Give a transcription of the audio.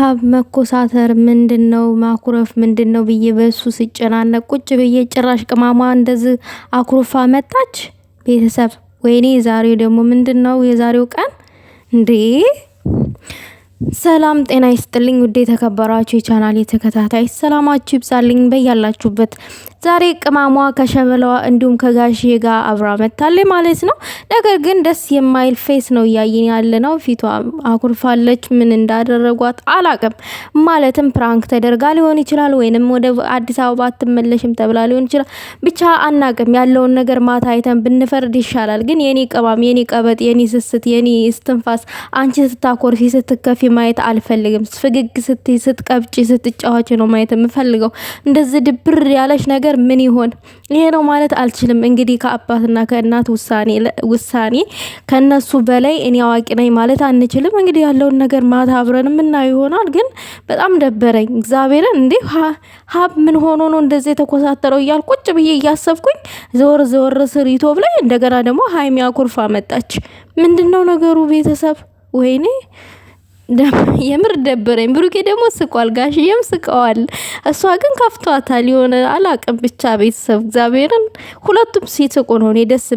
ሀብ መኮሳተር ምንድን ነው? ማኩረፍ ምንድን ነው ብዬ በሱ ሲጨናነቅ ቁጭ ብዬ ጭራሽ ቅማሟ እንደዚህ አኩርፋ መጣች። ቤተሰብ ወይኔ! የዛሬው ደግሞ ምንድን ነው የዛሬው ቀን እንዴ! ሰላም ጤና ይስጥልኝ። ውድ የተከበራችሁ የቻናል የተከታታይ ሰላማችሁ ይብዛልኝ በያላችሁበት። ዛሬ ቅማሟ ከሸበለዋ እንዲሁም ከጋሼ ጋር አብራ መታለች ማለት ነው። ነገር ግን ደስ የማይል ፌስ ነው እያየን ያለ ነው። ፊቷ አኩርፋለች። ምን እንዳደረጓት አላቅም። ማለትም ፕራንክ ተደርጋ ሊሆን ይችላል፣ ወይንም ወደ አዲስ አበባ አትመለሽም ተብላ ሊሆን ይችላል። ብቻ አናቅም። ያለውን ነገር ማታ አይተን ብንፈርድ ይሻላል። ግን የኔ ቅማም፣ የኔ ቀበጥ፣ የኔ ስስት፣ የኔ እስትንፋስ አንቺ ስታኮርፊ ስትከፊ ማየት አልፈልግም። ፍግግ ስትይ፣ ስትቀብጪ፣ ስትጫዋች ነው ማየት የምፈልገው። እንደዚህ ድብር ያለች ነገር ነገር ምን ይሆን? ይሄ ነው ማለት አልችልም። እንግዲህ ከአባትና ከእናት ውሳኔ ውሳኔ ከነሱ በላይ እኔ አዋቂ ነኝ ማለት አንችልም። እንግዲህ ያለውን ነገር ማታ አብረን የምናየው ይሆናል። ግን በጣም ደበረኝ። እግዚአብሔርን እንዴ ሀብ ምን ሆኖ ነው እንደዚህ የተኮሳተረው እያል ቁጭ ብዬ እያሰብኩኝ ዘወር ዘወር ስር ላይ እንደገና ደግሞ ሀይሚ አኩርፋ መጣች። ምንድን ነው ነገሩ? ቤተሰብ ወይኔ የምር ደበረኝ። ብሩኬ ደግሞ ስቋል፣ ጋሽዬም ስቀዋል። እሷ ግን ከፍቷታል የሆነ አላቅም። ብቻ ቤተሰብ እግዚአብሔርን ሁለቱም ሲስቁ ነው እኔ ደስ